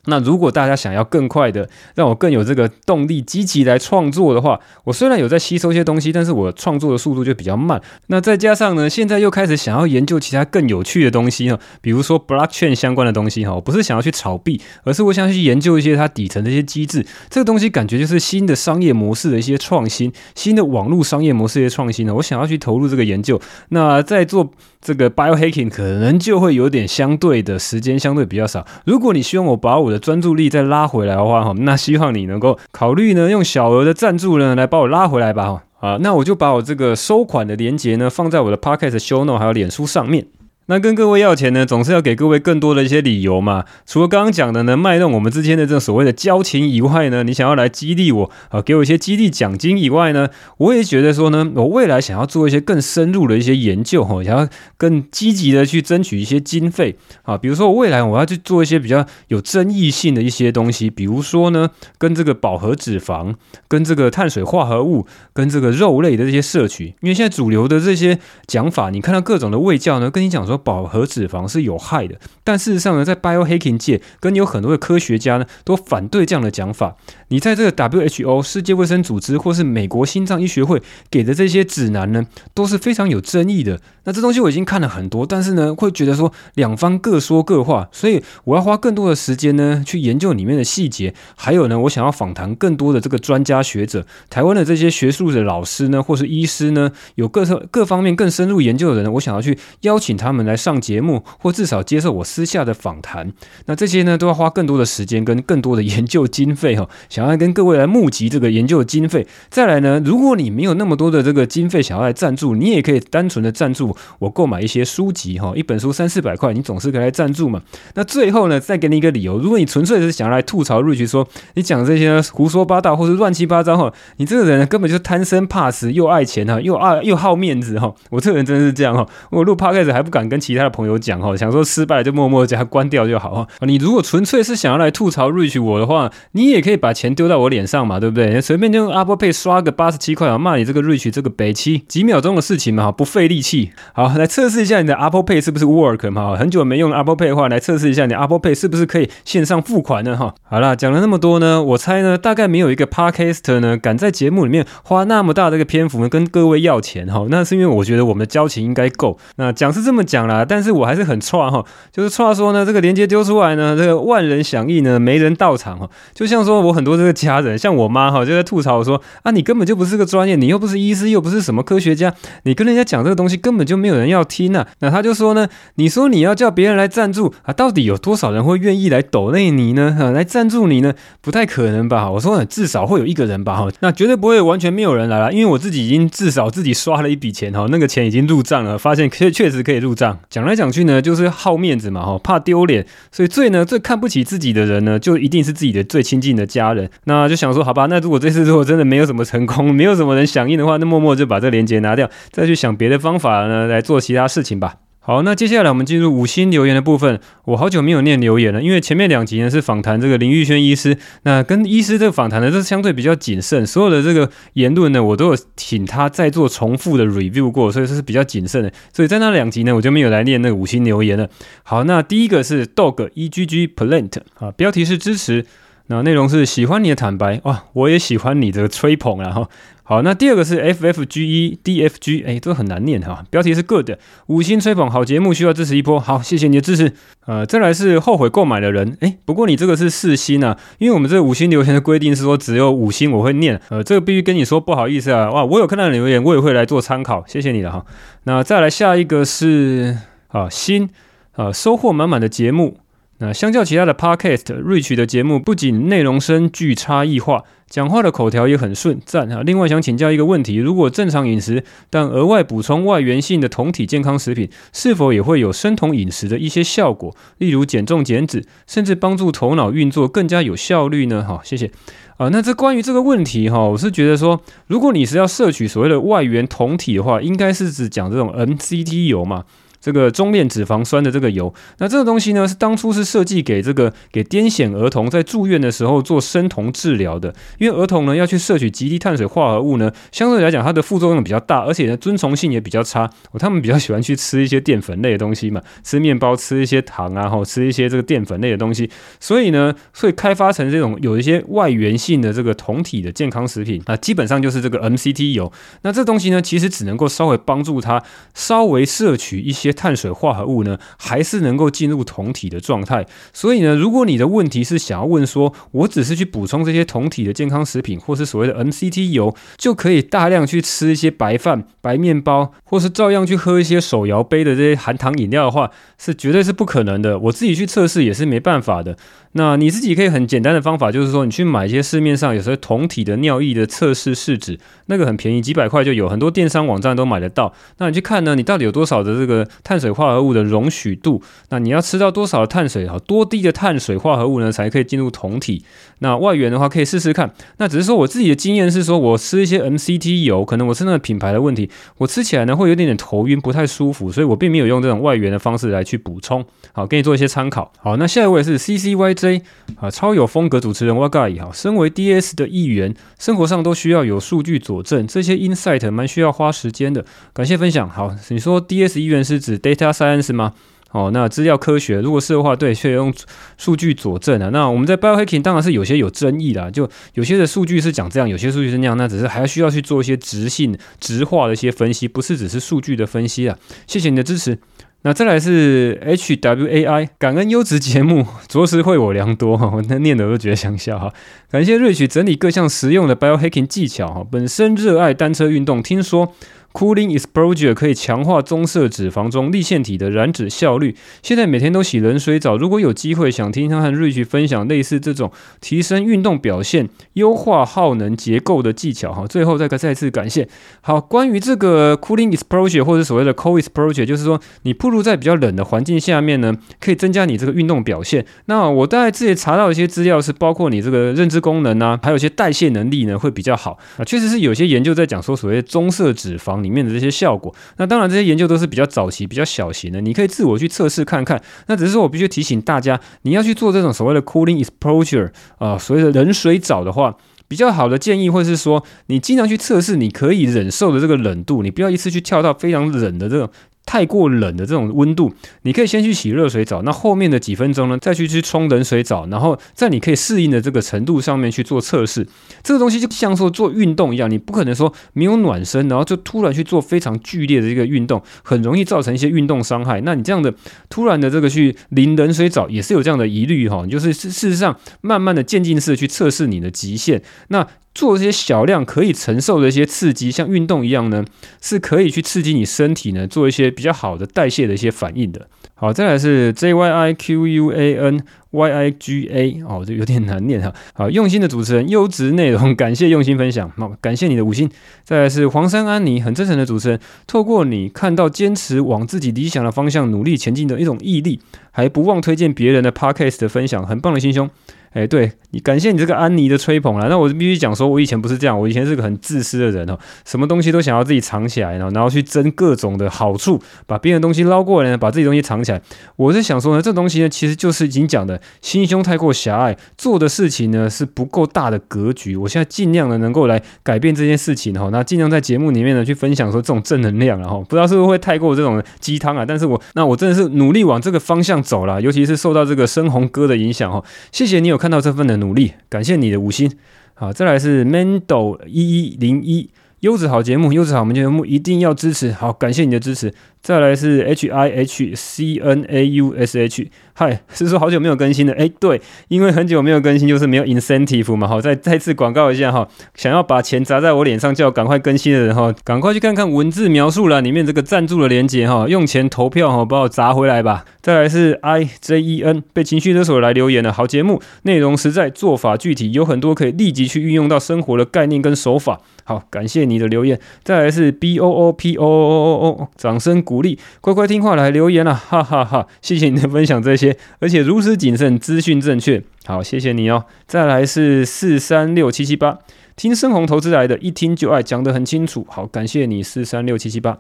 那如果大家想要更快的讓我更有這個動力積極來創作的話，我雖然有在吸收一些東西，但是我創作的速度就比較慢。那再加上呢，現在又開始想要研究其他更有趣的東西呢，比如說 blockchain 相關的東西哈，我不是想要去炒幣，而是我想要去研究一些它底層的一些機制。這個東西感覺就是新的商業模式的一些創新，新的網絡商業模式的創新呢，我想要去投入這個研究。那在做這個 biohacking 可能就會有點相對的時間相對比較少。如果你希望我把我的專注力再拉回來的話，哈，那希望你能夠考慮呢，用小額的贊助呢來把我拉回來吧，哈，啊，那我就把我這個收款的鏈接呢放在我的 Podcast Show Note 還有臉書上面。那跟各位要錢呢，總是要給各位更多的一些理由嘛。除了剛剛講的呢，賣弄我們之間的這個所謂的交情以外呢，你想要來激勵我啊，給我一些激勵獎金以外呢，我也覺得說呢，我未來想要做一些更深入的一些研究哦，想要更積極的去爭取一些經費啊。比如說我未來我要去做一些比較有爭議性的一些東西，比如說呢，跟這個飽和脂肪、跟這個碳水化合物、跟這個肉類的這些攝取，因為現在主流的這些講法，你看到各種的衛教呢，跟你講說。飽和脂肪是有害的，但事實上呢，在 biohacking 界，跟你有很多的科學家呢，都反對這樣的講法。你在這個 WHO 世界衛生組織或是美國心臟醫學會給的這些指南呢，都是非常有爭議的。那這東西我已經看了很多，但是呢，會覺得說兩方各說各話，所以我要花更多的時間呢，去研究裡面的細節。還有呢，我想要訪談更多的這個專家學者，台灣的這些學術的老師呢，或是醫師呢，有各各方面更深入研究的人，我想要去邀請他們。來上節目，或至少接受我私下的訪談。那這些呢，都要花更多的時間跟更多的研究經費哈。想要跟各位來募集這個研究經費。再來呢，如果你沒有那麼多的這個經費，想要來贊助，你也可以單純的贊助我購買一些書籍哈。一本書三四百塊，你總是可以來贊助嘛。那最後呢，再給你一個理由：如果你純粹是想要來吐槽瑞奇，說你講這些胡說八道或是亂七八糟哈，你這個人根本就是貪生怕死，又愛錢哈，又愛、啊、又好面子哈。我這個人真的是這樣哈。我錄 podcast 還不敢跟。跟其他的朋友講哦，想說失敗就默默的將它關掉就好。你如果純粹是想要來吐槽 Rich 我的話，你也可以把錢丟到我臉上嘛，對不對？隨便就用 Apple Pay 刷個八十七塊啊，罵你這個 Rich 這個北七，幾秒鐘的事情嘛，不費力氣。好，來測試一下你的 Apple Pay 是不是 Work 嘛？很久沒用 Apple Pay 的話，來測試一下你的 Apple Pay 是不是可以線上付款的哈？好啦，講了那麼多呢，我猜呢，大概沒有一個 Podcaster 呢敢在節目裡面花那麼大的一個篇幅呢跟各位要錢哈。那是因為我覺得我們的交情應該夠。那講是這麼講。但是我還是很串哈，就是串說呢，這個連接丟出來呢，這個萬人響應呢，沒人到場哦。就像說我很多這個家人，像我媽哈，就在吐槽我說啊，你根本就不是個專業，你又不是醫師，又不是什麼科學家，你跟人家講這個東西根本就沒有人要聽吶、啊。那他就說呢，你說你要叫別人來贊助啊，到底有多少人會願意來抖內你呢？哈、啊，來贊助你呢，不太可能吧？我說至少會有一個人吧？哈，那絕對不會完全沒有人來了，因為我自己已經至少自己刷了一筆錢哈，那個錢已經入賬了，發現確確實可以入賬。講來講去呢，就是好面子嘛，哈，怕丟臉，所以最呢最看不起自己的人呢，就一定是自己的最親近的家人。那就想說，好吧，那如果這次之後真的沒有什麼成功，沒有什麼人響應的話，那默默就把這個鏈接拿掉，再去想別的方法呢來做其他事情吧。好，那接下來我們進入五星留言的部分。我好久沒有念留言了，因為前面兩集呢是訪談這個林玉軒醫師，那跟醫師這個訪談呢，這是相對比較謹慎，所有的這個言論呢，我都有請他再做重複的 review 過，所以這是比較謹慎的。所以在那兩集呢，我就沒有來念那個五星留言了。好，那第一個是 Dog EGG Plant 啊，標題是支持。那內容是喜歡你的坦白哇，我也喜歡你的吹捧，啊，好，那第二個是 F F G E D F G，哎、欸，這個很難念哈。標題是 Good 五星吹捧好節目，需要支持一波，好，謝謝你的支持。呃，再來是後悔購買的人，哎、欸，不過你這個是四星啊，因為我們這五星留言的規定是說只有五星我會念，呃，這個必須跟你說不好意思啊，哇，我有看到的留言，我也會來做參考，謝謝你了哈。那再來下一個是啊新啊收穫滿滿的節目。那相較其他的 podcast，Rich 的節目不僅內容深具差異化，講話的口條也很順，讚哈。另外想請教一個問題：如果正常飲食，但額外補充外源性的酮體健康食品，是否也會有生酮飲食的一些效果，例如減重、減脂，甚至幫助頭腦運作更加有效率呢？哈、哦，謝謝。啊、呃，那這關於這個問題哈、哦，我是覺得說，如果你是要攝取所謂的外源酮體的話，應該是指講這種 MCT 油嘛。這個中鏈脂肪酸的這個油，那這個東西呢是當初是設計給這個給癲癇兒童在住院的時候做生酮治療的，因為兒童呢要去攝取極低碳水化合物呢，相對來講它的副作用比較大，而且呢遵從性也比較差，哦。他們比較喜歡去吃一些澱粉類的東西嘛，吃麵包，吃一些糖啊，吼吃一些這個澱粉類的東西，所以呢所以開發成這種有一些外源性的這個酮體的健康食品啊，那基本上就是這個 MCT 油。那這東西呢其實只能夠稍微幫助他稍微攝取一些。碳水化合物呢，還是能夠進入酮體的狀態。所以呢，如果你的問題是想要問說，我只是去補充這些酮體的健康食品，或是所謂的 MCT 油，就可以大量去吃一些白飯、白麵包，或是照樣去喝一些手搖杯的這些含糖飲料的話，是絕對是不可能的。我自己去測試也是沒辦法的。那你自己可以很簡單的方法，就是說你去買一些市面上有些酮體的尿液的測試試紙，那個很便宜，幾百塊就有很多電商網站都買得到。那你去看呢，你到底有多少的這個。碳水化合物的容許度，那你要吃到多少的碳水啊？多低的碳水化合物呢，才可以進入酮體？那外源的話，可以試試看。那只是說我自己的經驗是說，我吃一些 MCT 油，可能我是那個品牌的問題，我吃起來呢會有點點頭暈，不太舒服，所以我並沒有用這種外源的方式來去補充。好，給你做一些參考。好，那下一位是 C C Y J 啊，超有風格主持人，哇嘎爺哈。身為 D S 的議員，生活上都需要有數據佐證，這些 insight 蠻需要花時間的。感謝分享。好，你說 D S 議員是？是 data science 嗎？哦，那資料科學，如果是的話，對，需要用數據佐證啊。那我們在 biohacking 當然是有些有爭議的，就有些的數據是講這樣，有些數據是那樣，那只是還需要去做一些質性、質化的一些分析，不是只是數據的分析啊。謝謝你的支持。那再來是 HWAI，感恩優質節目，着實惠我良多哈。我那念的我都覺得想笑哈。感謝 Rich 整理各項實用的 biohacking 技巧哈。本身熱愛單車運動，聽說。Cooling exposure 可以強化棕色脂肪中粒腺體的燃脂效率。現在每天都洗冷水澡，如果有機會，想聽他和瑞去分享類似這種提升運動表現、優化耗能結構的技巧哈。最後再個再次感謝。好，關於這個 cooling exposure 或者所謂的 c o l exposure，就是說你鋪路在比較冷的環境下面呢，可以增加你這個運動表現。那我大概自己查到一些資料，是包括你這個認知功能啊，還有一些代謝能力呢會比較好啊。確實是有些研究在講說，所謂的棕色脂肪。裡面的這些效果，那當然這些研究都是比較早期，比較小型的，你可以自我去測試看看。那只是說我必須提醒大家，你要去做這種所謂的 cooling exposure 啊、呃，所謂的冷水澡的話，比較好的建議會是說，你經常去測試你可以忍受的這個冷度，你不要一次去跳到非常冷的這種。太過冷的這種溫度，你可以先去洗熱水澡，那後面的幾分鐘呢，再去去沖冷水澡，然後在你可以適應的這個程度上面去做測試。這個東西就像說做運動一樣，你不可能說沒有暖身，然後就突然去做非常劇烈的一個運動，很容易造成一些運動傷害。那你這樣的突然的這個去淋冷水澡，也是有這樣的疑慮哈，你就是事實上慢慢的漸進式去測試你的極限。那做這些小量可以承受的一些刺激，像運動一樣呢，是可以去刺激你身體呢，做一些比較好的代謝的一些反應的。好，再來是 J Y I Q U A N Y I G A，哦，這有點難念哈。好，用心的主持人，優質內容，感謝用心分享，好、哦，感謝你的五星。再來是黃山安妮，很真誠的主持人，透過你看到堅持往自己理想的方向努力前進的一種毅力，還不忘推薦別人的 podcast 的分享，很棒的心胸。哎，對，你感謝你這個安妮的吹捧了，那我必須講說，我以前不是這樣，我以前是個很自私的人哦，什麼東西都想要自己藏起來呢，然後去爭各種的好處，把別人的東西撈過來呢，把自己的東西藏起來。我是想說呢，這東西呢，其實就是已經講的心胸太過狹隘，做的事情呢是不夠大的格局。我現在盡量的能夠來改變這件事情哈，那盡量在節目裡面呢去分享說這種正能量然後，不知道是不是會太過這種雞湯啊，但是我那我真的是努力往這個方向走了，尤其是受到這個深紅哥的影響哦，謝謝你有看到這份的努力，感謝你的五星。好，再來是 Mando 一一零一優質好節目，優質好，我們節目一定要支持。好，感謝你的支持。再來是 h i h c n a u s h 嗨，是說好久沒有更新了。哎，對，因為很久沒有更新就是沒有 incentive 嘛。好，再再次廣告一下哈，想要把錢砸在我臉上就要趕快更新的人哈，趕快去看看文字描述欄裡面這個贊助的鏈接哈，用錢投票哈，把我砸回來吧。再來是 i j e n 被情緒勒索來留言的好節目，內容實在，做法具體，有很多可以立即去運用到生活的概念跟手法。好，感謝你的留言。再來是 b o o p o o o o，掌聲鼓。鼓勵，乖乖聽話來留言了，啊，哈哈哈哈！謝謝你的分享這些，而且如此謹慎，資訊正確，好，謝謝你哦。再來是四三六七七八，聽深紅投資來的，一聽就愛，講得很清楚，好，感謝你四三六七七八。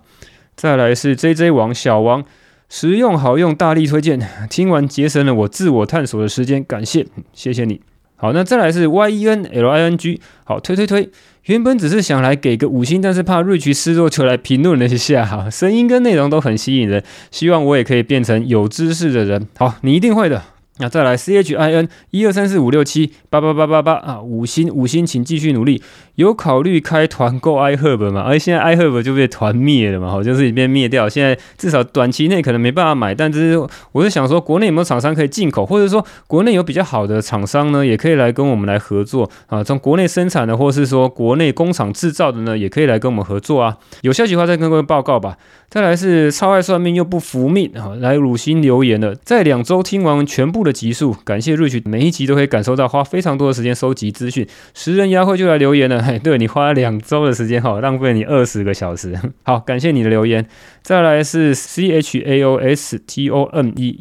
再來是 J J 王小王，實用好用，大力推薦，聽完節省了我自我探索的時間，感謝，謝謝你。好，那再來是 Y E N L I N G。好，推推推。原本只是想來給個五星，但是怕瑞渠失落，出來評論了一下。哈，聲音跟內容都很吸引人，希望我也可以變成有知識的人。好，你一定會的。那、啊、再來，C H I N 一二三四五六七八八八八八啊，五星五星，請繼續努力。有考慮開團購 iHerb 嗎？而、啊、現在 iHerb 就被團滅了嘛，好，就是已經滅掉。現在至少短期內可能沒辦法買，但是我是想說，國內有沒有廠商可以進口，或者說國內有比較好的廠商呢，也可以來跟我們來合作啊。從國內生產的，或是說國內工廠製造的呢，也可以來跟我們合作啊。有消息的話再跟各位報告吧。再來是超愛算命又不服命啊，來五星留言了，在兩週聽完全部集數，感謝 Rich 每一集都可以感受到花非常多的時間收集資訊。拾人牙慧就來留言了，嘿，對你花了兩周的時間哈，浪費你二十個小時。好，感謝你的留言。再來是 ChaosTone，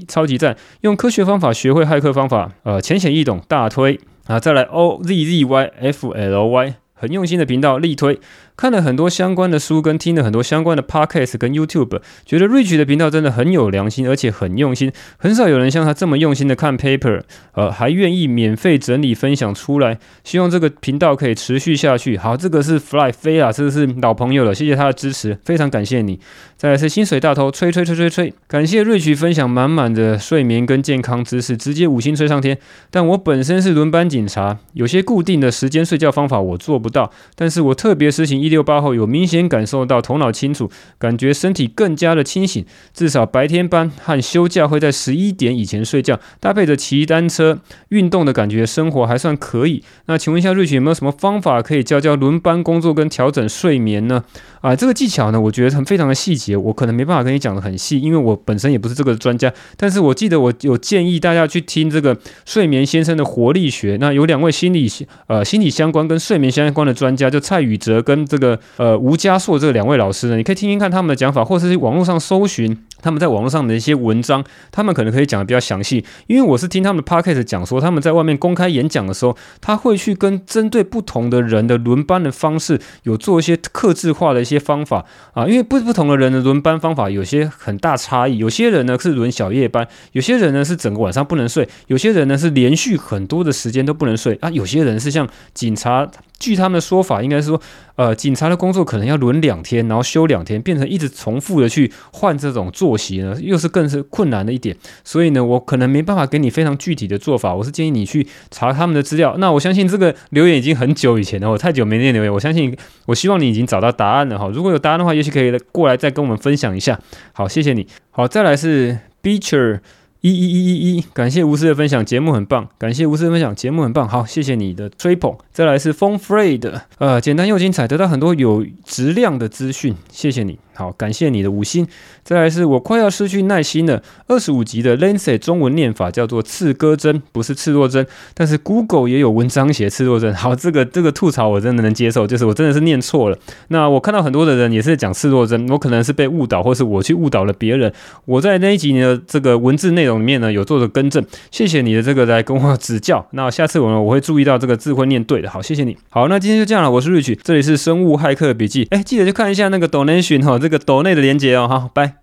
超級讚，用科學方法學會駭客方法，呃，淺顯易懂，大推啊。再來 OzzyFly，很用心的頻道，力推。看了很多相關的書，跟聽了很多相關的 podcast，跟 YouTube，覺得 Rich 的頻道真的很有良心，而且很用心。很少有人像他這麼用心的看 paper，呃，還願意免費整理分享出來。希望這個頻道可以持續下去。好，這個是 Fly 飛啊，這個是老朋友了，謝謝他的支持，非常感謝你。再來是薪水大頭吹吹吹吹吹，感謝 Rich 分享滿滿的睡眠跟健康知識，直接五星吹上天。但我本身是輪班警察，有些固定的時間睡覺方法我做不到，但是我特別實行。一六八後有明顯感受到頭腦清楚，感覺身體更加的清醒。至少白天班和休假會在十一點以前睡覺，搭配着騎單車運動的感覺，生活還算可以。那請問一下 Rich 有沒有什麼方法可以教教輪班工作跟調整睡眠呢？啊，這個技巧呢，我覺得很非常的細節，我可能沒辦法跟你講得很細，因為我本身也不是這個專家。但是我記得我有建議大家去聽這個睡眠先生的活力學，那有兩位心理呃心理相關跟睡眠相關的專家，就蔡宇哲跟、這個這個呃，吳家碩，這兩位老師呢，你可以聽聽看他們的講法，或者是網絡上搜尋他們在網絡上的一些文章，他們可能可以講的比較詳細。因為我是聽他們的 podcast 講說，他們在外面公開演講的時候，他會去跟針對不同的人的輪班的方式，有做一些客製化的一些方法啊。因為不不同的人的輪班方法有些很大差異，有些人呢是輪小夜班，有些人呢是整個晚上不能睡，有些人呢是連續很多的時間都不能睡啊，有些人是像警察。據他們的說法，應該是說，呃，警察的工作可能要輪兩天，然後休兩天，變成一直重複的去換這種作息呢，又是更是困難的一點。所以呢，我可能沒辦法給你非常具體的做法，我是建議你去查他們的資料。那我相信這個留言已經很久以前了，我太久沒唸留言，我相信，我希望你已經找到答案了哈。如果有答案的話，也許可以過來再跟我們分享一下。好，謝謝你。好，再來是 Beacher。一一一一一，感謝無私的分享，節目很棒。感謝無私的分享，節目很棒。好，謝謝你的吹捧。再來是 phone free 的，呃，簡單又精彩，得到很多有質量的資訊，謝謝你。好，感謝你的五星。再來是，我快要失去耐心了。二十五集的 Lancet 中文念法叫做“刺胳針”，不是“刺若針”。但是 Google 也有文章寫“刺若針”。好，這個這個吐槽我真的能接受，就是我真的是念錯了。那我看到很多的人也是講“刺若針”，我可能是被誤導，或是我去誤導了別人。我在那一集的這個文字內容裡面呢，有做的更正。謝謝你的這個來跟我指教。那下次我呢我會注意到這個字會念對的。好，謝謝你。好，那今天就這樣了。我是 Rich，這裡是生物駭客筆記。哎、欸，記得去看一下那個 Donation 哈、哦。這個斗內的連結哦，好，掰。